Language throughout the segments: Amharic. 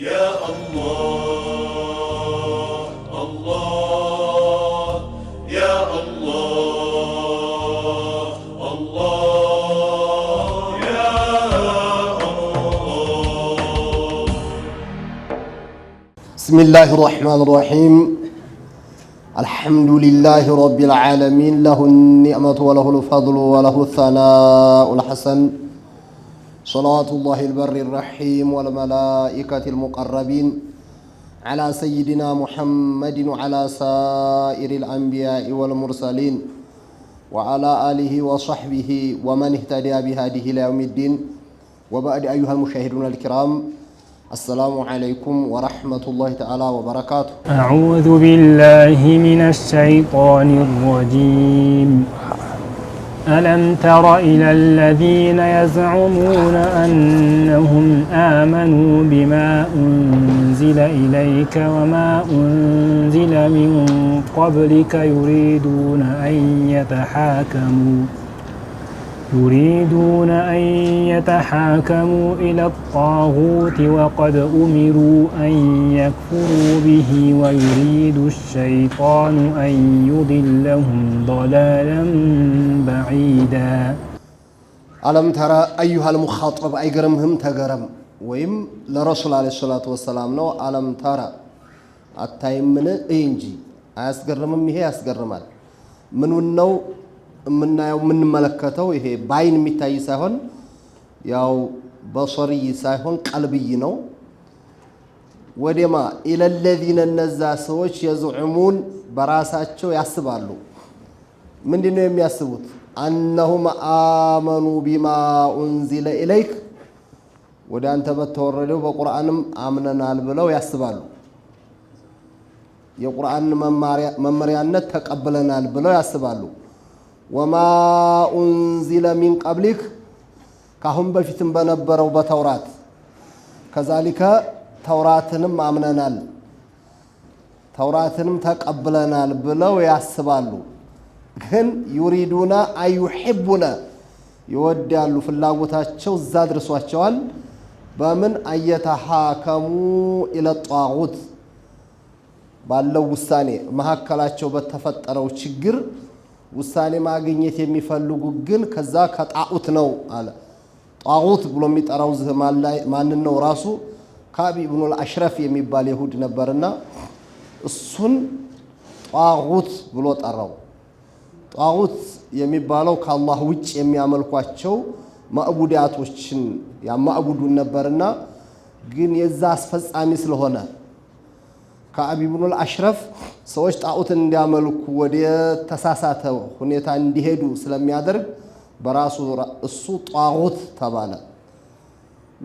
يا الله الله يا الله الله يا الله بسم الله الرحمن الرحيم الحمد لله رب العالمين له النعمة وله الفضل وله الثناء الحسن صلاة الله البر الرحيم والملائكة المقربين على سيدنا محمد وعلى سائر الأنبياء والمرسلين وعلى آله وصحبه ومن اهتدى بهذه إلى يوم الدين وبعد أيها المشاهدون الكرام السلام عليكم ورحمة الله تعالى وبركاته أعوذ بالله من الشيطان الرجيم ألم تر إلى الذين يزعمون أنهم آمنوا بما أنزل إليك وما أنزل من قبلك يريدون أن يتحاكموا يريدون أن يتحاكموا إلى الطاغوت وقد أمروا أن يكفروا به ويريد الشيطان أن يضلهم ضلالا بعيدا ألم ترى أيها المخاطب هم تقرم ويم لرسول عليه الصلاة والسلام نو ألم ترى أتايم من إنجي أسقرم هي أسقرم من ونو የምናየው የምንመለከተው ይሄ በአይን የሚታይ ሳይሆን ያው በሶርይ ሳይሆን ቀልብይ ነው። ወዴማ ኢለለዚነ እነዛ ሰዎች የዝዑሙን በራሳቸው ያስባሉ። ምንድን ነው የሚያስቡት? አነሁም አመኑ ቢማ ኡንዚለ ኢለይክ ወደ አንተ በተወረደው በቁርአንም አምነናል ብለው ያስባሉ። የቁርአን መመሪያነት ተቀብለናል ብለው ያስባሉ። ወማ ኡንዚለ ሚን ቀብሊክ ካሁን በፊትም በነበረው በተውራት ከዛሊከ ተውራትንም አምነናል ተውራትንም ተቀብለናል ብለው ያስባሉ። ግን ዩሪዱና አዩሒቡነ ይወዳሉ፣ ፍላጎታቸው እዛ ድርሷቸዋል። በምን አየተሓከሙ ኢለ ጧጉት ባለው ውሳኔ መካከላቸው በተፈጠረው ችግር ውሳኔ ማግኘት የሚፈልጉ ግን ከዛ ከጣዑት ነው አለ። ጣዑት ብሎ የሚጠራው ዝህ ማንን ነው? ራሱ ካቢ ብኑ አሽረፍ የሚባል ይሁድ ነበርና እሱን ጣዑት ብሎ ጠራው። ጣዑት የሚባለው ከአላህ ውጭ የሚያመልኳቸው ማዕቡዳቶችን ያማዕቡዱን ነበርና ግን የዛ አስፈጻሚ ስለሆነ ከአቢ ብኑል አሽረፍ ሰዎች ጣዖትን እንዲያመልኩ ወደ ተሳሳተ ሁኔታ እንዲሄዱ ስለሚያደርግ በራሱ እሱ ጧዖት ተባለ።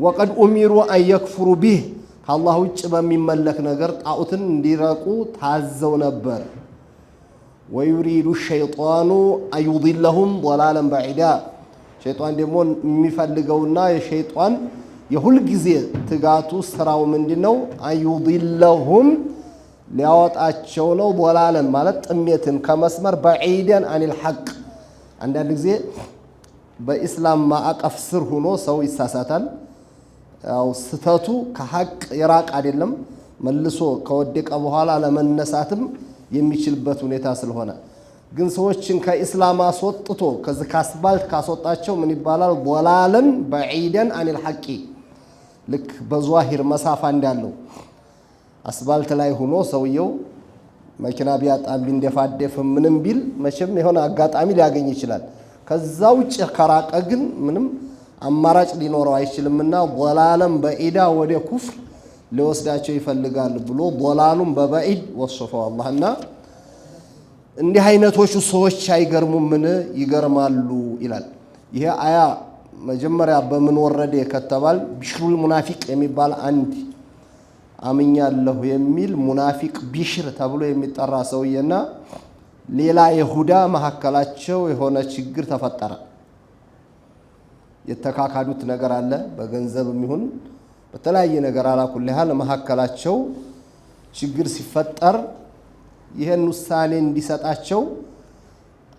ወቀድ ኡሚሩ አን ቢህ ከአላህ ውጭ በሚመለክ ነገር ጣዖትን እንዲረቁ ታዘው ነበር። ወዩሪዱ ሸይጣኑ አዩዲለሁም ضላለን በዒዳ ሸይጣን ደግሞ የሚፈልገውና የሸይጣን የሁልጊዜ ትጋቱ ስራው ምንድን ነው? አዩዲለሁም ሊያወጣቸው ነው። ቦላለን ማለት ጥሜትን ከመስመር በዒደን አኒል ሐቅ። አንዳንድ ጊዜ በኢስላም ማዕቀፍ ስር ሆኖ ሰው ይሳሳታል። ያው ስተቱ ከሐቅ የራቅ አይደለም፣ መልሶ ከወደቀ በኋላ ለመነሳትም የሚችልበት ሁኔታ ስለሆነ ግን ሰዎችን ከኢስላም አስወጥቶ ከዚህ ከአስባልት ካስወጣቸው ምን ይባላል? ቦላለን በዒደን አኒል ሐቂ ልክ በዟሂር መሳፋ እንዳለው አስፋልት ላይ ሆኖ ሰውየው መኪና ቢያጣም ቢንደፋደፍ ምንም ቢል መቼም የሆነ አጋጣሚ ሊያገኝ ይችላል። ከዛ ውጭ ከራቀ ግን ምንም አማራጭ ሊኖረው አይችልምና ላለም በኢዳ ወደ ኩፍር ሊወስዳቸው ይፈልጋል ብሎ ላሉም በበዒድ ወሶፈው አላህ እንዲህ አይነቶቹ ሰዎች ምን ይገርማሉ ይላል። ይሄ አያ መጀመሪያ በምን ወረደ ከተባል ቢሽሩል ሙናፊቅ የሚባል አንድ አምኛለሁ የሚል ሙናፊቅ ቢሽር ተብሎ የሚጠራ ሰውዬና ሌላ ይሁዳ መካከላቸው የሆነ ችግር ተፈጠረ። የተካካዱት ነገር አለ፣ በገንዘብም ይሁን በተለያየ ነገር አላኩል ያህል መካከላቸው ችግር ሲፈጠር ይህን ውሳኔ እንዲሰጣቸው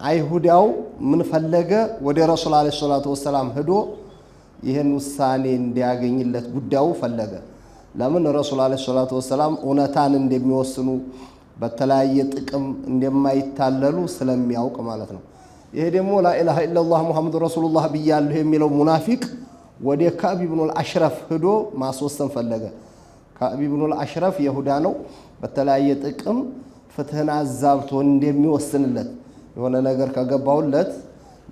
አይሁዳው ምን ፈለገ? ወደ ረሱል አለ ሰላቱ ወሰላም ሂዶ ይህን ውሳኔ እንዲያገኝለት ጉዳዩ ፈለገ። ለምን ረሱል አለ ሰላቱ ወሰላም እውነታን እንደሚወስኑ በተለያየ ጥቅም እንደማይታለሉ ስለሚያውቅ ማለት ነው። ይሄ ደግሞ ላኢላሃ ኢለላህ ሙሐመድ ረሱሉላህ ብያለሁ የሚለው ሙናፊቅ ወደ ከዕብ ብኑል አሽረፍ ሂዶ ማስወሰን ፈለገ። ከዕብ ብኑል አሽረፍ የሁዳ ነው። በተለያየ ጥቅም ፍትህን አዛብቶ እንደሚወስንለት የሆነ ነገር ከገባውለት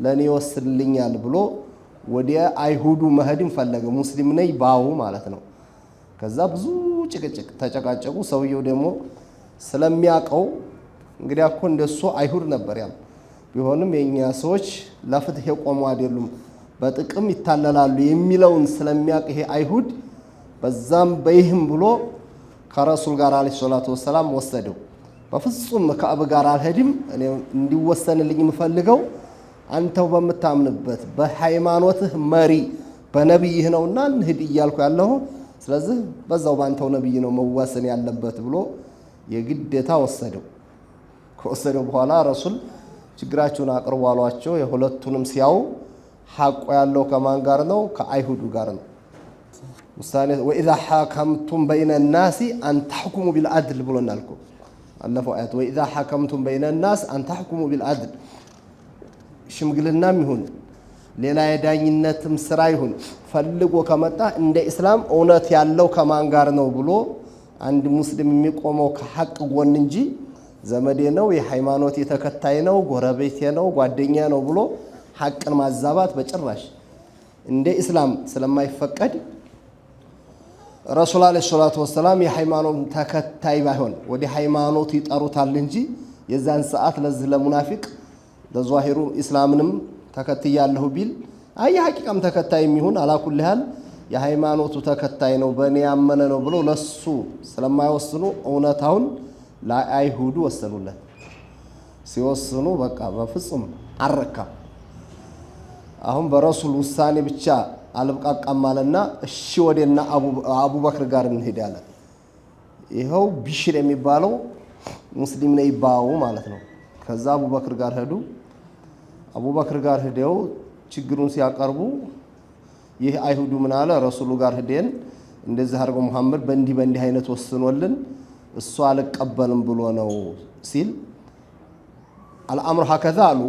ለእኔ ይወስንልኛል ብሎ ወደ አይሁዱ መሄድን ፈለገ። ሙስሊም ነኝ ባው ማለት ነው። ከዛ ብዙ ጭቅጭቅ ተጨቃጨቁ። ሰውየው ደግሞ ስለሚያውቀው እንግዲህ እኮ እንደሱ አይሁድ ነበር ያም ቢሆንም የእኛ ሰዎች ለፍትህ የቆሙ አይደሉም፣ በጥቅም ይታለላሉ የሚለውን ስለሚያውቅ ይሄ አይሁድ በዛም በይህም ብሎ ከረሱል ጋር አለ ሰላቱ ወሰላም ወሰደው። በፍጹም ከአብ ጋር አልሄድም፣ እኔ እንዲወሰንልኝ የምፈልገው አንተው በምታምንበት በሃይማኖትህ መሪ በነቢይህ ነውና እንሂድ እያልኩ ያለሁ ስለዚህ በዛው ባንተው ነብይ ነው መወሰን ያለበት ብሎ የግዴታ ወሰደው። ከወሰደው በኋላ ረሱል ችግራችሁን አቅርቡ አሏቸው። የሁለቱንም ሲያው ሐቆ ያለው ከማን ጋር ነው? ከአይሁዱ ጋር ነው። ውሳኔ ወኢዛ ሓከምቱም በይነ ናሲ አንታሕኩሙ ቢልዓድል ብሎ እናልኩ አለፈው አያት። ወኢዛ ሓከምቱም በይነ ናስ አንታሕኩሙ ቢልዓድል ሽምግልናም ይሁን ሌላ የዳኝነትም ስራ ይሁን ፈልጎ ከመጣ እንደ እስላም እውነት ያለው ከማን ጋር ነው ብሎ አንድ ሙስሊም የሚቆመው ከሐቅ ጎን እንጂ ዘመዴ ነው፣ የሃይማኖት የተከታይ ነው፣ ጎረቤቴ ነው፣ ጓደኛ ነው ብሎ ሐቅን ማዛባት በጭራሽ እንደ እስላም ስለማይፈቀድ ረሱል ዓለይሂ ሰላቱ ወሰላም የሃይማኖት ተከታይ ባይሆን ወደ ሃይማኖቱ ይጠሩታል እንጂ የዛን ሰዓት ለዚህ ለሙናፊቅ ለዛሂሩ ኢስላምንም ተከትያለሁ ቢል አይ ሀቂቃም ተከታይ የሚሆን አላኩል ያህል የሃይማኖቱ ተከታይ ነው በእኔ ያመነ ነው ብሎ ለሱ ስለማይወስኑ እውነታውን ለአይሁዱ ወሰኑለት። ሲወስኑ በቃ በፍጹም አረካም። አሁን በረሱል ውሳኔ ብቻ አልብቃቃም አለና እሺ ወደና አቡበክር ጋር እንሄድ ያለ ይኸው ቢሽር የሚባለው ሙስሊም ይባው ማለት ነው። ከዛ አቡበክር ጋር ሄዱ። አቡበክር ጋር ሂደው ችግሩን ሲያቀርቡ ይህ አይሁዱ ምን አለ? ረሱሉ ጋር ሂደን እንደዚህ አድርጎ መሐመድ በእንዲህ በእንዲህ አይነት ወስኖልን እሱ አልቀበልም ብሎ ነው ሲል አልአምሩ ሀከዛ አሉ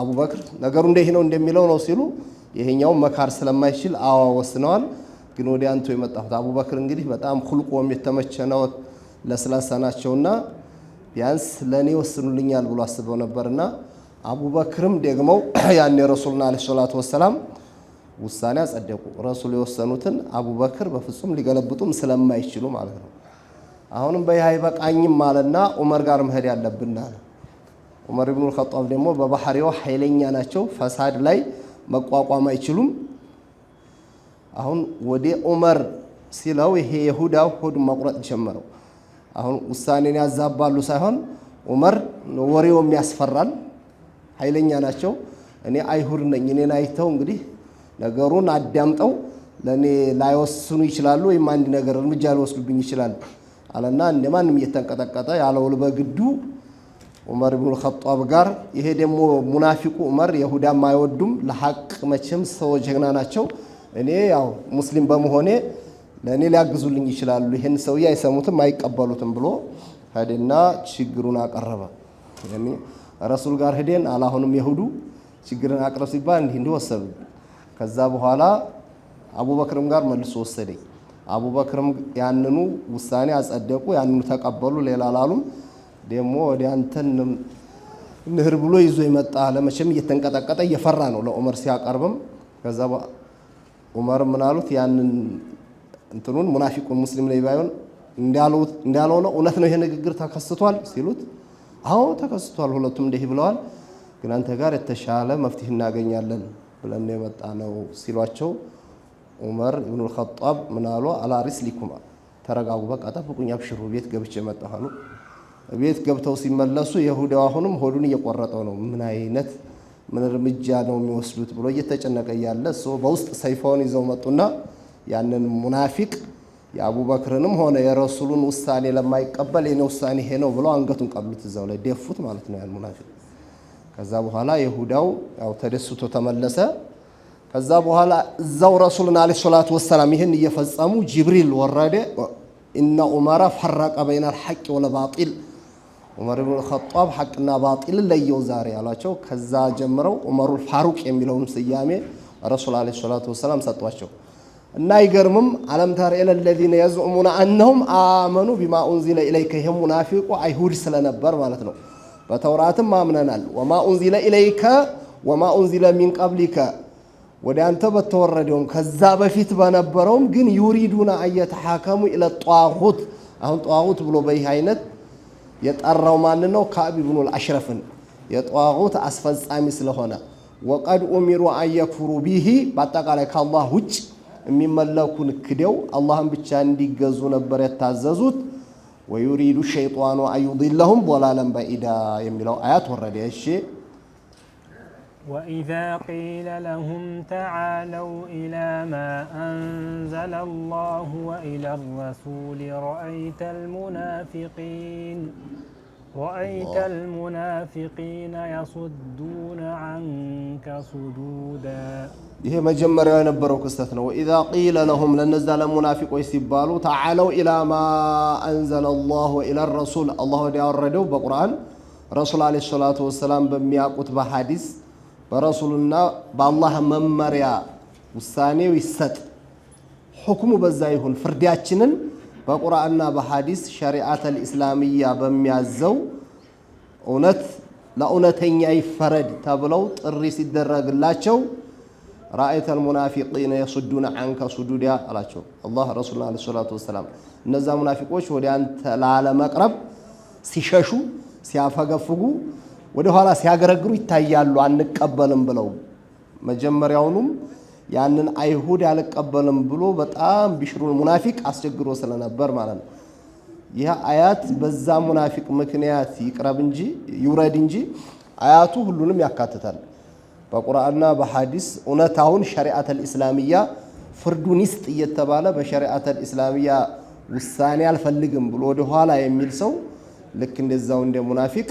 አቡበክር። ነገሩ እንደዚህ ነው እንደሚለው ነው ሲሉ ይሄኛው መካር ስለማይችል አዋ ወስነዋል። ግን ወደ አንተ የመጣሁት አቡበክር እንግዲህ በጣም ሁልቆም የተመቸነው ለስላሳ ናቸውና ቢያንስ ለእኔ ወስኑልኛል ብሎ አስበው ነበርና አቡበክርም ደግሞ ያኔ ረሱልና ዓለይሂ ሰላቱ ወሰላም ውሳኔ አጸደቁ። ረሱል የወሰኑትን አቡበክር በፍጹም ሊገለብጡም ስለማይችሉ ማለት ነው። አሁንም በይህ አይበቃኝም አለና ዑመር ጋር መሄድ ያለብን አለ። ዑመር ኢብኑ አልኸጣብ ደግሞ በባህሪው ኃይለኛ ናቸው፣ ፈሳድ ላይ መቋቋም አይችሉም። አሁን ወደ ዑመር ሲለው ይሄ የሁዳ ሆድ መቁረጥ ጀመረው። አሁን ውሳኔን ያዛባሉ ሳይሆን ዑመር ወሬውም ያስፈራል። ኃይለኛ ናቸው። እኔ አይሁድ ነኝ። እኔን አይተው እንግዲህ ነገሩን አዳምጠው ለእኔ ላይወስኑ ይችላሉ፣ ወይም አንድ ነገር እርምጃ ሊወስዱብኝ ይችላሉ አለና እንደ ማንም እየተንቀጠቀጠ ያለውል በግዱ ዑመር ብኑ ኸጧብ ጋር ይሄ ደግሞ ሙናፊቁ ዑመር የሁዳም አይወዱም። ለሐቅ መቼም ሰው ጀግና ናቸው። እኔ ያው ሙስሊም በመሆኔ ለእኔ ሊያግዙልኝ ይችላሉ፣ ይህን ሰውዬ አይሰሙትም፣ አይቀበሉትም ብሎ ሄደና ችግሩን አቀረበ። ረሱል ጋር ሄደን አላሁንም የሁዱ ችግርን አቅረብ ሲባል እንዲህ እንዲህ ከዛ በኋላ አቡበክርም ጋር መልሶ ወሰደኝ። አቡበክርም ያንኑ ውሳኔ አጸደቁ፣ ያንኑ ተቀበሉ። ሌላ አላሉም። ደግሞ ወደ አንተን ንህር ብሎ ይዞ የመጣ ለመቼም እየተንቀጠቀጠ እየፈራ ነው ለዑመር ሲያቀርብም። ከዛ ዑመር ምን አሉት? ያንን እንትኑን ሙናፊቁን ሙስሊም ላይ ባይሆን እንዳለው ነው እውነት ነው ይሄ ንግግር ተከስቷል ሲሉት አዎ ተከስቷል፣ ሁለቱም እንዲህ ብለዋል። ግን አንተ ጋር የተሻለ መፍትሄ እናገኛለን ብለን የመጣ ነው ሲሏቸው ዑመር ኢብኑል ልኸጣብ ምናሉ አላሪስ ሊኩም ተረጋጉ፣ በቃ ጠብቁኝ፣ አብሽሩ ቤት ገብቼ መጣሁ አሉ። ቤት ገብተው ሲመለሱ የሁዳው አሁንም ሆዱን እየቆረጠው ነው። ምን አይነት ምን እርምጃ ነው የሚወስዱት ብሎ እየተጨነቀ እያለ በውስጥ ሰይፋውን ይዘው መጡና ያንን ሙናፊቅ የአቡበክርንም ሆነ የረሱሉን ውሳኔ ለማይቀበል የኔ ውሳኔ ይሄ ነው ብለው አንገቱን ቀሉት፣ እዛው ላይ ደፉት ማለት ነው ያን ሙናፊቅ። ከዛ በኋላ የሁዳው ያው ተደስቶ ተመለሰ። ከዛ በኋላ እዛው ረሱልን አለ ሰላቱ ወሰላም ይህን እየፈጸሙ ጅብሪል ወረደ። ኢነ ዑመረ ፈረቀ ሐቅ ወለ ባጢል ዑመር ብን ልኸጣብ ሐቅና ባጢል ለየው ዛሬ አሏቸው። ከዛ ጀምረው ዑመሩል ፋሩቅ የሚለውን ስያሜ ረሱል አለ ሰላቱ ወሰላም ሰጧቸው። እና ይገርምም አለም ተር ኢለ ለዚነ የዝዑሙነ አነሁም አመኑ ቢማ ኡንዚለ ኢለይከ ይህም ሙናፊቁ አይሁድ ስለነበር ማለት ነው። በተውራትም አምነናል ወማ ኡንዚለ ኢለይከ ወማ ኡንዚለ ሚን ቀብሊከ ወደ አንተ በተወረደውም ከዛ በፊት በነበረውም ግን ዩሪዱና አየተሓከሙ ኢለ ጧሁት አሁን ጧሁት ብሎ በይህ አይነት የጠራው ማን ነው? ካዕብ ብኑል አሽረፍን የጧሁት አስፈጻሚ ስለሆነ ወቀድ ኡሚሩ አየክፍሩ ቢሂ በአጠቃላይ ከአላህ ውጭ የሚመለኩን ክደው አላህን ብቻ እንዲገዙ ነበር የታዘዙት። ወዩሪዱ ሸይጣኑ አዩድለሁም ዶላለን በኢዳ የሚለው አያት ወረደ። እሺ وإذا قيل لهم تعالوا إلى ما أنزل الله وإلى الرسول رأيت المنافقين رأيت المنافقين يصدون عنك صدودا ይሄ መጀመሪያው የነበረው ክስተት ነው። ኢዛ ቂለ ለሁም ለነዛ ለሙናፊቆች ሲባሉ ተዓለው ኢላ ማ አንዘለ ላሁ ወኢላ ረሱል አላህ ወዲያ ወረደው በቁርአን ረሱል ዓለይሂ ሰላቱ ወሰላም በሚያውቁት በሐዲስ በረሱሉና በአላህ መመሪያ ውሳኔው ይሰጥ፣ ሁክሙ በዛ ይሁን ፍርዳችንን በቁርአንና በሐዲስ ሸሪዓተል ኢስላሚያ በሚያዘው እውነት ለእውነተኛ ይፈረድ ተብለው ጥሪ ሲደረግላቸው ራአይተል ሙናፊቂነ የሱዱነ አንከ ሱዱዲያ አላቸው። አላህ ረሱልና ዓለይሂ ሰላቱ ወሰላም እነዛ ሙናፊቆች ወደ አንተ ላለመቅረብ ሲሸሹ፣ ሲያፈገፍጉ፣ ወደኋላ ሲያገረግሩ ይታያሉ አንቀበልም ብለው መጀመሪያውኑም ያንን አይሁድ አልቀበልም ብሎ በጣም ቢሽሩ ሙናፊቅ አስቸግሮ ስለነበር ማለት ነው። ይህ አያት በዛ ሙናፊቅ ምክንያት ይቅረብ እንጂ ይውረድ እንጂ አያቱ ሁሉንም ያካትታል። በቁርአንና በሐዲስ እውነታውን ሸሪዓተል ልእስላምያ ፍርዱን ይስጥ እየተባለ በሸሪዓተል ልእስላምያ ውሳኔ አልፈልግም ብሎ ወደኋላ የሚል ሰው ልክ እንደዛው እንደ ሙናፊቅ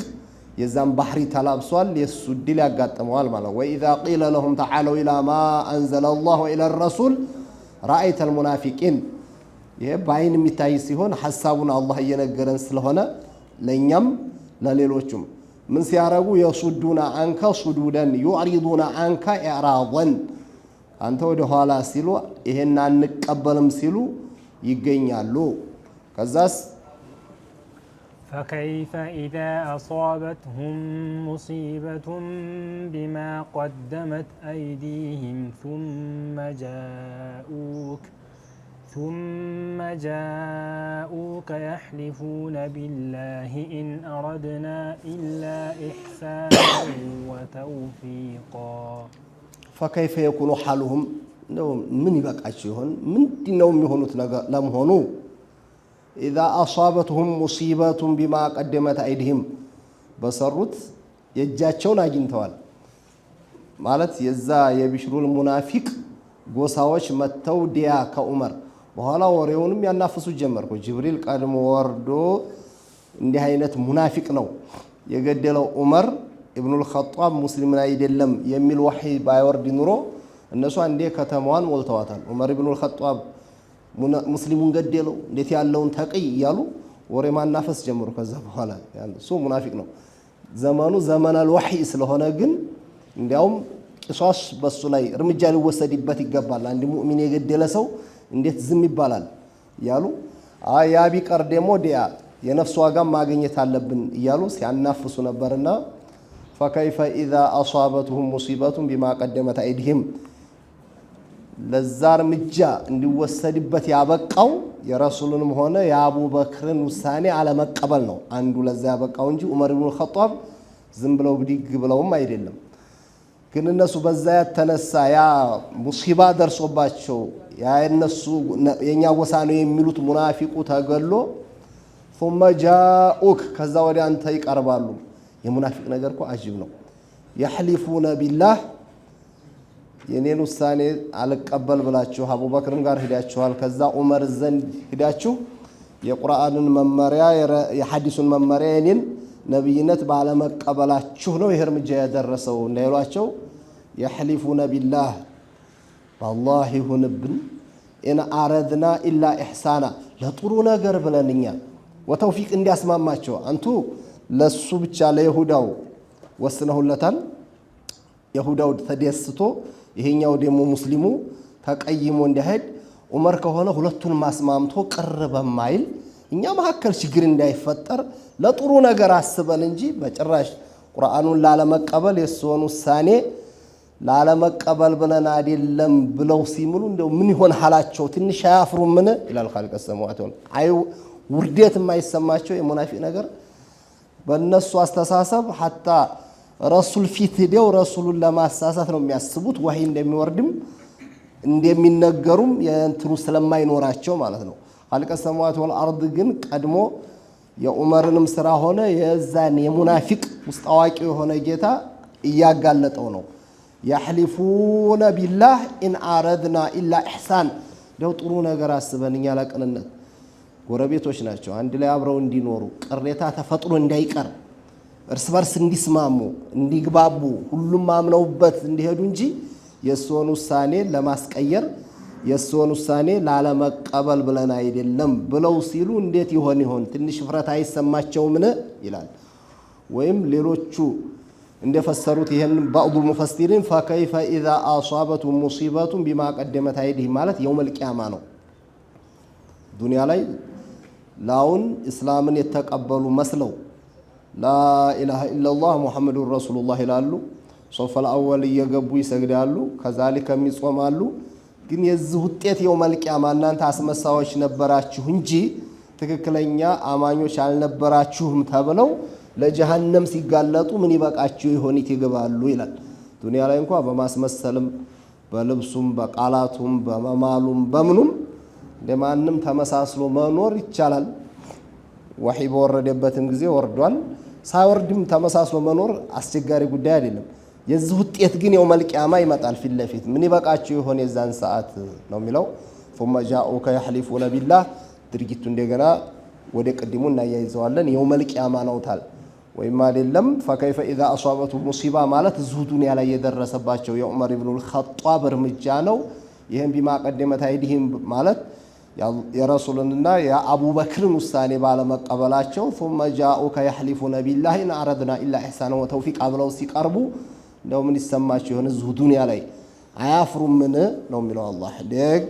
የዛም ባህሪ ተላብሷል። የእሱ ድል ያጋጥመዋል ማለት ነው። ወኢዛ ቂለ ለሁም ተዓለው ኢላ ማ አንዘለ ላሁ ኢላ ረሱል ራአይተ ልሙናፊቂን። ይሄ በአይን የሚታይ ሲሆን ሀሳቡን አላህ እየነገረን ስለሆነ ለእኛም ለሌሎቹም ምን ሲያረጉ የሱዱና አንካ ሱዱደን ዩዕሪዱና አንካ ኢዕራበን አንተ ወደ ኋላ ሲሉ ይሄን አንቀበልም ሲሉ ይገኛሉ። ከዛስ فكيف إذا أصابتهم مصيبة بما قدمت أيديهم ثم جاءوك ثم جاءوك يحلفون بالله إن أردنا إلا إحسانا وتوفيقا فكيف يكون حالهم نعم، من يبقى من دينهم يهونوا لم هونوا ኢዛ አሷበትሁም ሙሲበቱን ቢማ ቀደመት አይድህም በሰሩት የእጃቸውን አግኝተዋል ማለት የዛ የቢሽሩል ሙናፊቅ ጎሳዎች መተው ዲያ ከዑመር በኋላ ወሬውንም ያናፍሱ ጀመርኩ። ጅብሪል ቀድሞ ወርዶ እንዲህ አይነት ሙናፊቅ ነው የገደለው ዑመር ኢብኑል ኸጧብ ሙስሊምን አይደለም የሚል ወሒ ባይወርድ ኑሮ እነሱ አንዴ ከተማዋን ሞልተዋታል። ዑመር ኢብኑል ኸጧብ ሙስሊሙን ገደለው እንዴት ያለውን ተቅይ እያሉ ወሬ ማናፈስ ጀመሩ። ከዛ በኋላ እሱ ሙናፊቅ ነው። ዘመኑ ዘመን አልወሕይ ስለሆነ ግን እንዲያውም ቂሷስ በሱ ላይ እርምጃ ሊወሰድበት ይገባል። አንድ ሙእሚን የገደለ ሰው እንዴት ዝም ይባላል እያሉ ያ ቢቀር ደግሞ ዲያ የነፍስ ዋጋ ማግኘት አለብን እያሉ ሲያናፍሱ ነበርና ፈከይፈ ኢዛ አሷበትሁም ሙሲበቱን ቢማ ቀደመት አይድህም ለዛ እርምጃ እንዲወሰድበት ያበቃው የረሱልንም ሆነ የአቡበክርን ውሳኔ አለመቀበል ነው አንዱ ለዛ ያበቃው እንጂ ዑመር ብኑ ኸጧብ ዝም ብለው ብድግ ብለውም አይደለም። ግን እነሱ በዛ የተነሳ ያ ሙሲባ ደርሶባቸው ያነሱ የእኛ ጎሳ ነው የሚሉት ሙናፊቁ ተገሎ ሱመ ጃኡክ ከዛ ወዲያ አንተ ይቀርባሉ። የሙናፊቅ ነገር እኮ አጅብ ነው። የሕሊፉነ ቢላህ የኔን ውሳኔ አልቀበል ብላችሁ አቡበክርም ጋር ሂዳችኋል። ከዛ ዑመር ዘንድ ሂዳችሁ የቁርአንን መመሪያ የሐዲሱን መመሪያ የኔን ነቢይነት ባለመቀበላችሁ ነው ይህ እርምጃ ያደረሰው እንዳይሏቸው የሕሊፉነ ቢላህ በአላህ ይሁንብን ኢን አረድና ኢላ ኢሕሳና ለጥሩ ነገር ብለን እኛ ወተውፊቅ እንዲያስማማቸው አንቱ ለሱ ብቻ ለይሁዳው ወስነሁለታል። የሁዳው ተደስቶ ይሄኛው ደግሞ ሙስሊሙ ተቀይሞ እንዳይሄድ ዑመር ከሆነ ሁለቱን ማስማምቶ ቅር በማይል እኛ መካከል ችግር እንዳይፈጠር ለጥሩ ነገር አስበን እንጂ በጭራሽ ቁርአኑን ላለመቀበል የሱን ውሳኔ ላለመቀበል ብለን አይደለም ብለው ሲምሉ እንደው ምን ይሆን ሀላቸው ትንሽ አያፍሩ ምን ይላል ካልቀ ሰማዋት አይ ውርደት የማይሰማቸው የሙናፊቅ ነገር በእነሱ አስተሳሰብ ሀታ ረሱል ፊት ሂደው ረሱሉን ለማሳሳት ነው የሚያስቡት። ወሂ እንደሚወርድም እንደሚነገሩም የእንትኑ ስለማይኖራቸው ማለት ነው። ኸልቀ ሰማዋት ወል ግን ቀድሞ የዑመርንም ስራ ሆነ የዛን የሙናፊቅ ውስጥ አዋቂ የሆነ ጌታ እያጋለጠው ነው። ያሕሊፉነ ቢላህ ኢን አረድና ኢላ ኢሕሳን ደው ጥሩ ነገር አስበን እኛ ለቅንነት ጎረቤቶች ናቸው። አንድ ላይ አብረው እንዲኖሩ ቅሬታ ተፈጥሮ እንዳይቀር እርስ በርስ እንዲስማሙ እንዲግባቡ ሁሉም አምነውበት እንዲሄዱ እንጂ የእሱን ውሳኔ ለማስቀየር የእሱን ውሳኔ ላለመቀበል ብለን አይደለም ብለው ሲሉ እንዴት ይሆን ይሆን ትንሽ እፍረት አይሰማቸውምን? ይላል። ወይም ሌሎቹ እንደፈሰሩት ይህን ባዕዱ ሙፈሲሪን ፈከይፈ ኢዛ አሷበቱም ሙሲበቱን ቢማ ቀደመት አይዲህ ማለት የውመል ቂያማ ነው። ዱንያ ላይ ላውን እስላምን የተቀበሉ መስለው ላኢላሃ ኢለላህ ሙሐመዱን ረሱሉላህ ይላሉ። ሶፈል አወል እየገቡ ይሰግዳሉ። ከዛሊከ ይጾማሉ። ግን የዚህ ውጤት የው መልቅያማ እናንተ አስመሳዮች ነበራችሁ እንጂ ትክክለኛ አማኞች አልነበራችሁም ተብለው ለጀሃነም ሲጋለጡ ምን ይበቃችሁ ይሆኒት ይገባሉ ይላል። ዱንያ ላይ እንኳ በማስመሰልም በልብሱም በቃላቱም በመማሉም በምኑም ለማንም ተመሳስሎ መኖር ይቻላል። ወሒ በወረደበትም ጊዜ ወርዷል። ሳይወርድም ተመሳስሎ መኖር አስቸጋሪ ጉዳይ አይደለም። የዚህ ውጤት ግን የው መልቅያማ ይመጣል ፊት ለፊት ምን ይበቃቸው የሆነ የዛን ሰዓት ነው የሚለው ፉመ ጃኡከ የሕሊፉነ ቢላህ። ድርጊቱ እንደገና ወደ ቅድሙ እናያይዘዋለን። የው መልቅያማ ነውታል ወይም አይደለም። ፈከይፈ ኢዛ አሷበቱ ሙሲባ ማለት እዚሁ ዱንያ ላይ የደረሰባቸው የዑመር ኢብኑል ኸጧብ እርምጃ ነው። ይህም ቢማ ቀደመት አይዲህም ማለት يا رسول الله يا أبو بكر مستاني بعلم قبلاته ثم جاءوك يحلفون بالله إن أردنا إلا إحسان وتوفيق قبل وسيك أربو لو من السماء شهون الزهدون علي عافر منه لو من الله ليك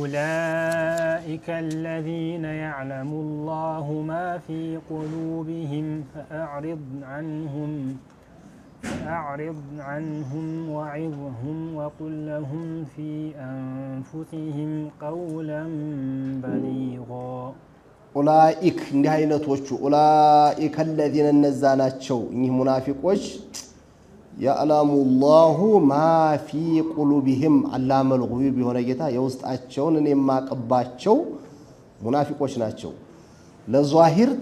أولئك الذين يعلم الله ما في قلوبهم فأعرض عنهم فأعرض عنهم وعظهم وقل لهم في أنفسهم قولا بليغا ኡላኢክ እንዲህ አይነቶቹ ኡላኢከ አለዚነ እነዛ ናቸው እኚህ ሙናፊቆች ያዕለሙ ላሁ ማ ፊ ቁሉቢህም አላመል ጉዩብ የሆነ ጌታ የውስጣቸውን እኔ የማቅባቸው ሙናፊቆች ናቸው ለዟሂር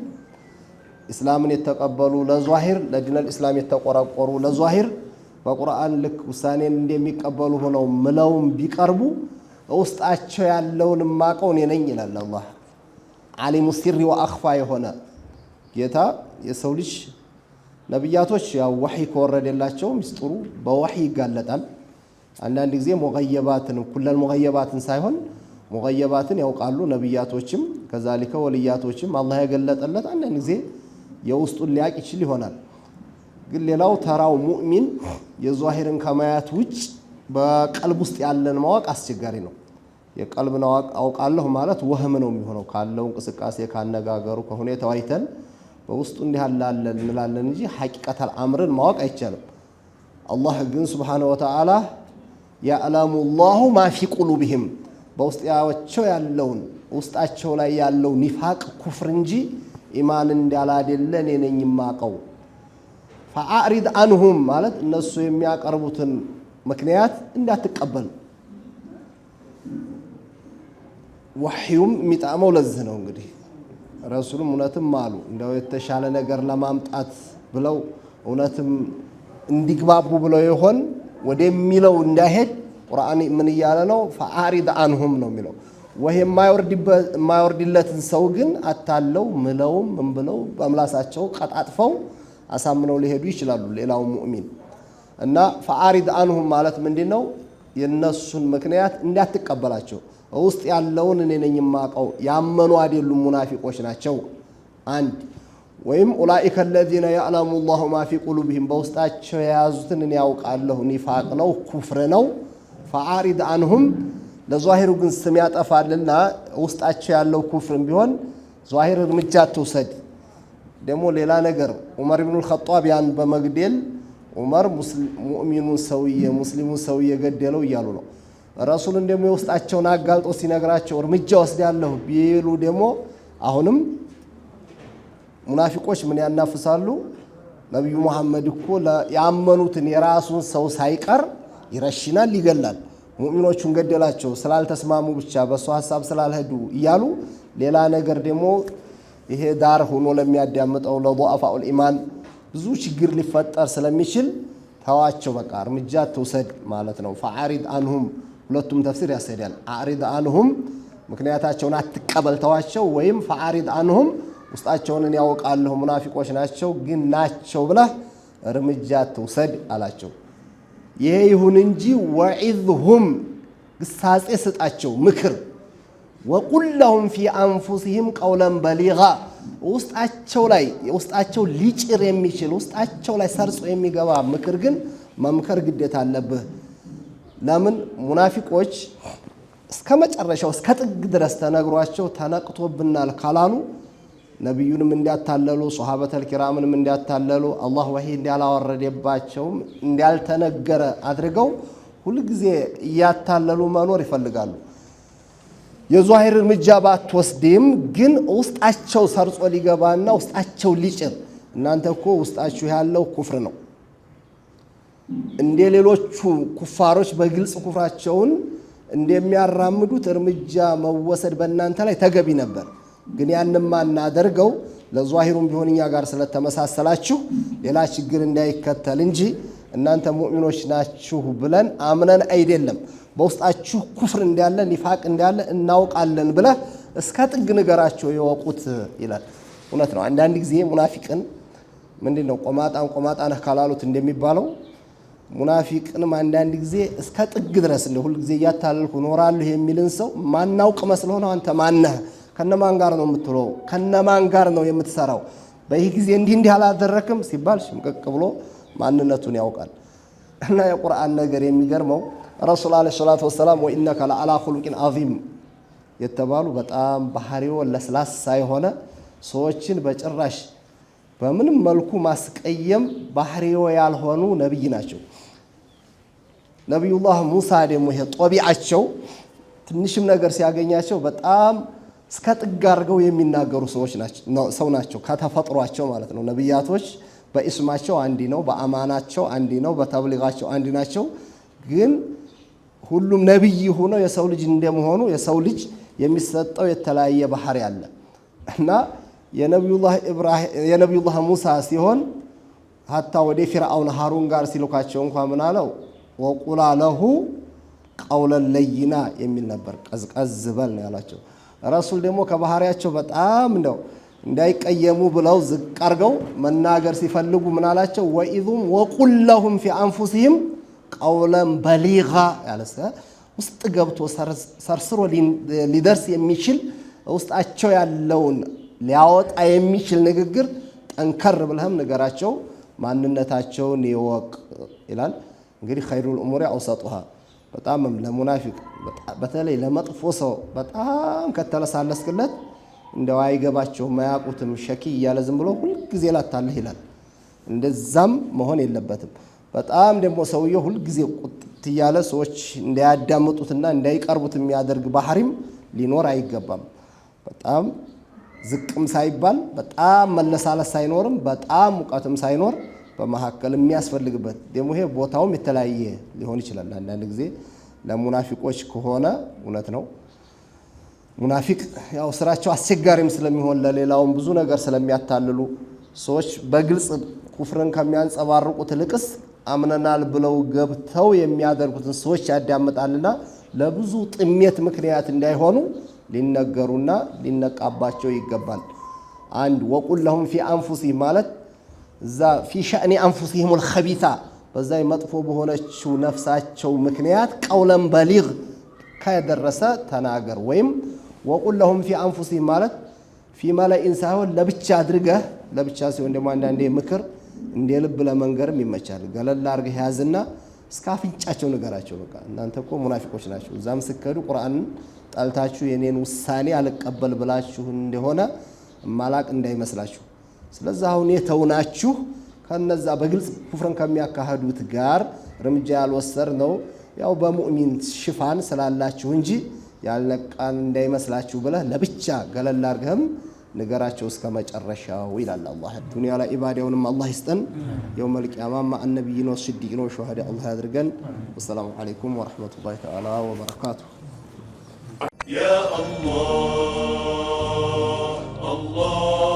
ኢስላምን የተቀበሉ ለዟሂር ለዲነል ኢስላም የተቆረቆሩ ለዟሂር በቁርአን ልክ ውሳኔን እንደሚቀበሉ ሆነው ምለውም ቢቀርቡ ውስጣቸው ያለውን ማቀው እኔ ነኝ ይላል አላህ። ዓሊሙ ሲሪ ወአኽፋ የሆነ ጌታ የሰው ልጅ ነቢያቶች ያው ወሒ ከወረደላቸው ሚስጥሩ በወሒ ይጋለጣል። አንዳንድ ጊዜ ሙገየባትን ኩለን ሙገየባትን ሳይሆን ሙገየባትን ያውቃሉ ነቢያቶችም ከዛሊከ ወልያቶችም አላህ የገለጠለት አንዳንድ ጊዜ የውስጡን ሊያቅ ይችል ይሆናል። ግን ሌላው ተራው ሙእሚን የዛሂርን ከማያት ውጭ በቀልብ ውስጥ ያለን ማወቅ አስቸጋሪ ነው። የቀልብን አውቃለሁ ማለት ወህም ነው የሚሆነው። ካለው እንቅስቃሴ ካነጋገሩ፣ ከሁኔታው አይተን በውስጡ እንዲህ አላለን እንላለን እንጂ ሐቂቀተል አምርን ማወቅ አይቻልም። አላህ ግን ሱብሓነሁ ወተዓላ ያዕለሙ ላሁ ማ ፊ ቁሉብህም በውስጣቸው ያለውን ውስጣቸው ላይ ያለው ኒፋቅ ኩፍር እንጂ ኢማን እንዳላደለ እኔ ነኝ የማቀው። ፈአሪድ አንሁም ማለት እነሱ የሚያቀርቡትን ምክንያት እንዳትቀበል። ወሕዩም የሚጣመው ለዚህ ነው። እንግዲህ ረሱሉም እውነትም አሉ እንደው የተሻለ ነገር ለማምጣት ብለው እውነትም እንዲግባቡ ብለው ይሆን ወደሚለው እንዳይሄድ ቁርአን ምን እያለ ነው? ፈአሪድ አንሁም ነው የሚለው ወይ የማይወርድለትን ሰው ግን አታለው ምለውም ምን ብለው በምላሳቸው ቀጣጥፈው አሳምነው ሊሄዱ ይችላሉ። ሌላው ሙእሚን እና ፈአሪድ አንሁም ማለት ምንድን ነው? የእነሱን ምክንያት እንዳትቀበላቸው ውስጥ ያለውን እኔ ነኝ የማውቀው ያመኑ አይደሉም፣ ሙናፊቆች ናቸው። አንድ ወይም ኡላኢከ አለዚነ ያዕለሙ ላሁ ማ ፊ ቁሉብህም በውስጣቸው የያዙትን እኔ ያውቃለሁ፣ ኒፋቅ ነው፣ ኩፍር ነው። ፈአሪድ አንሁም ለዟሂሩ ግን ስም ያጠፋልና ውስጣቸው ያለው ኩፍርም ቢሆን ዟሂር እርምጃ ትውሰድ። ደግሞ ሌላ ነገር ዑመር ብኑ ኸጧብ ያን በመግደል ዑመር ሙእሚኑን ሰውዬ ሙስሊሙን ሰውዬ ገደለው እያሉ ነው። ረሱልን ደግሞ የውስጣቸውን አጋልጦ ሲነግራቸው እርምጃ ወስዳለሁ ቢሉ ደግሞ አሁንም ሙናፊቆች ምን ያናፍሳሉ? ነቢዩ መሐመድ እኮ ያመኑትን የራሱን ሰው ሳይቀር ይረሽናል፣ ይገላል። ሙእሚኖቹን ገደላቸው ስላልተስማሙ ብቻ በእሱ ሀሳብ ስላልሄዱ እያሉ ሌላ ነገር ደግሞ ይሄ ዳር ሆኖ ለሚያዳምጠው ለዱዓፋኡል ኢማን ብዙ ችግር ሊፈጠር ስለሚችል ተዋቸው፣ በቃ እርምጃ ትውሰድ ማለት ነው። ፈአሪድ አንሁም ሁለቱም ተፍሲር ያስሄዳል። አሪድ አንሁም ምክንያታቸውን አትቀበል ተዋቸው፣ ወይም ፈአሪድ አንሁም ውስጣቸውን ያውቃለሁ ሙናፊቆች ናቸው ግን ናቸው ብለህ እርምጃ ትውሰድ አላቸው። ይሄ ይሁን እንጂ ወዒዝሁም ግሳጼ ስጣቸው፣ ምክር ወቁለሁም ፊ አንፉሲሂም ቀውለን በሊጋ ውስጣቸው ላይ ውስጣቸው ሊጭር የሚችል ውስጣቸው ላይ ሰርጾ የሚገባ ምክር ግን መምከር ግዴታ አለብህ። ለምን ሙናፊቆች እስከ መጨረሻው እስከ ጥግ ድረስ ተነግሯቸው ተነቅቶብናል ካላሉ ነቢዩንም እንዲያታለሉ ሶሃበተል ኪራምንም እንዲያታለሉ አላህ ወሂ እንዲያላወረደባቸውም እንዳልተነገረ አድርገው ሁልጊዜ እያታለሉ መኖር ይፈልጋሉ። የዙሂር እርምጃ ባትወስድም ግን ውስጣቸው ሰርጾ ሊገባና ውስጣቸው ሊጭር እናንተ እኮ ውስጣችሁ ያለው ኩፍር ነው። እንደ ሌሎቹ ኩፋሮች በግልጽ ኩፍራቸውን እንደሚያራምዱት እርምጃ መወሰድ በእናንተ ላይ ተገቢ ነበር። ግን ያንም አናደርገው ለዟሂሩም ቢሆን እኛ ጋር ስለተመሳሰላችሁ ሌላ ችግር እንዳይከተል እንጂ እናንተ ሙእሚኖች ናችሁ ብለን አምነን አይደለም። በውስጣችሁ ኩፍር እንዳለ ኒፋቅ እንዳለ እናውቃለን ብለህ እስከ ጥግ ንገራቸው የወቁት ይላል። እውነት ነው። አንዳንድ ጊዜ ሙናፊቅን ምንድን ነው ቆማጣን ቆማጣ ነህ ካላሉት እንደሚባለው ሙናፊቅንም አንዳንድ ጊዜ እስከ ጥግ ድረስ እንደ ሁልጊዜ እያታለልኩ እኖራለሁ የሚልን ሰው ማናውቅ መስለሆነ አንተ ማነህ ከነማን ጋር ነው የምትውለው? ከነማን ጋር ነው የምትሰራው? በይህ ጊዜ እንዲህ እንዲህ አላደረክም ሲባል ሽምቅቅ ብሎ ማንነቱን ያውቃል። እና የቁርአን ነገር የሚገርመው ረሱል ዓለይሂ ሰላቱ ወሰላም ወኢነከ ለዓላ ኹሉቂን ዓዚም የተባሉ በጣም ባህሪዎ ለስላሳ የሆነ ሰዎችን በጭራሽ በምንም መልኩ ማስቀየም ባህሪዎ ያልሆኑ ነቢይ ናቸው። ነቢዩላህ ሙሳ ደግሞ ይሄ ጦቢዓቸው ትንሽም ነገር ሲያገኛቸው በጣም እስከ ጥግ አድርገው የሚናገሩ ሰው ናቸው። ከተፈጥሯቸው ማለት ነው። ነቢያቶች በኢስማቸው አንዲ ነው፣ በአማናቸው አንዲ ነው፣ በተብሊጋቸው አንዲ ናቸው። ግን ሁሉም ነቢይ ሆነው የሰው ልጅ እንደመሆኑ የሰው ልጅ የሚሰጠው የተለያየ ባህሪ አለ እና የነቢዩላህ ሙሳ ሲሆን ሀታ ወደ ፊርአውን ሃሩን ጋር ሲልኳቸው እንኳ ምን አለው ወቁላ ለሁ ቀውለን ለይና የሚል ነበር። ቀዝቀዝ በል ነው ያላቸው። ረሱል ደግሞ ከባህሪያቸው በጣም ነው እንዳይቀየሙ ብለው ዝቅ አርገው መናገር ሲፈልጉ አላቸው? ወኢዙም ወቁል ለሁም ፊ አንፉሲህም ቀውለን በሊጋ ያለሰ ውስጥ ገብቶ ሰርስሮ ሊደርስ የሚችል ውስጣቸው ያለውን ሊያወጣ የሚችል ንግግር ጠንከር ብለህም ንገራቸው፣ ማንነታቸውን ይወቅ ይላል። እንግዲህ ኸይሩል ኡሙሪ አውሰጡሃ በጣም ለሙናፊቅ በተለይ ለመጥፎ ሰው በጣም ከተለሳለስክለት እንደው አይገባቸው አያውቁትም፣ ሸኪ እያለ ዝም ብሎ ሁልጊዜ ላታለህ ይላል። እንደዛም መሆን የለበትም። በጣም ደግሞ ሰውየው ሁልጊዜ ቁጥት እያለ ሰዎች እንዳያዳምጡትና እንዳይቀርቡት የሚያደርግ ባህሪም ሊኖር አይገባም። በጣም ዝቅም ሳይባል በጣም መለሳለስ ሳይኖርም በጣም ሙቀትም ሳይኖር በመካከል የሚያስፈልግበት ደግሞ ይሄ ቦታውም የተለያየ ሊሆን ይችላል። አንዳንድ ጊዜ ለሙናፊቆች ከሆነ እውነት ነው። ሙናፊቅ ያው ስራቸው አስቸጋሪም ስለሚሆን ለሌላውም ብዙ ነገር ስለሚያታልሉ ሰዎች በግልጽ ኩፍርን ከሚያንጸባርቁት ይልቅስ አምነናል ብለው ገብተው የሚያደርጉትን ሰዎች ያዳምጣልና ለብዙ ጥሜት ምክንያት እንዳይሆኑ ሊነገሩና ሊነቃባቸው ይገባል። አንድ ወቁል ለሁም ፊ አንፉሲ ማለት እዛ ፊ ሸእኒ አንፉሲሂሙል ኸቢታ በዛ መጥፎ በሆነችው ነፍሳቸው ምክንያት ቀውለን በሊግ ከደረሰ ተናገር ወይም ወቁል ለሁም ፊ አንፉሲሂም ማለት ፊ መላኢን ሳይሆን ለብቻ አድርገህ ለብቻ ሲሆን ደግሞ አንዳንዴ ምክር እንደ ልብ ለመንገርም ይመቻል። ገለል አድርገህ ያዝና እስከ አፍንጫቸው ንገራቸው። በቃ እናንተ እኮ ሙናፊቆች ናቸው። እዛም ስከዱ ቁርአንን ጠልታችሁ የኔን ውሳኔ አልቀበል ብላችሁ እንደሆነ ማላቅ እንዳይመስላችሁ ስለዚህ አሁን የተውናችሁ ከነዛ በግልጽ ኩፍርን ከሚያካሂዱት ጋር እርምጃ ያልወሰድ ነው ያው በሙእሚን ሽፋን ስላላችሁ እንጂ ያልነቃን እንዳይመስላችሁ ብለህ ለብቻ ገለል አርገህም ንገራቸው እስከ መጨረሻው ይላል አላህ። ዱንያ ላይ ኢባዳውንም አላህ ይስጠን። የውመል ቂያማ ማአን ነቢይን ወስዲቂን ወሸሃዳ አላህ ያድርገን። ወሰላሙ አለይኩም ወረሕመቱላሂ ተዓላ ወበረካቱ። ያ አላህ አላህ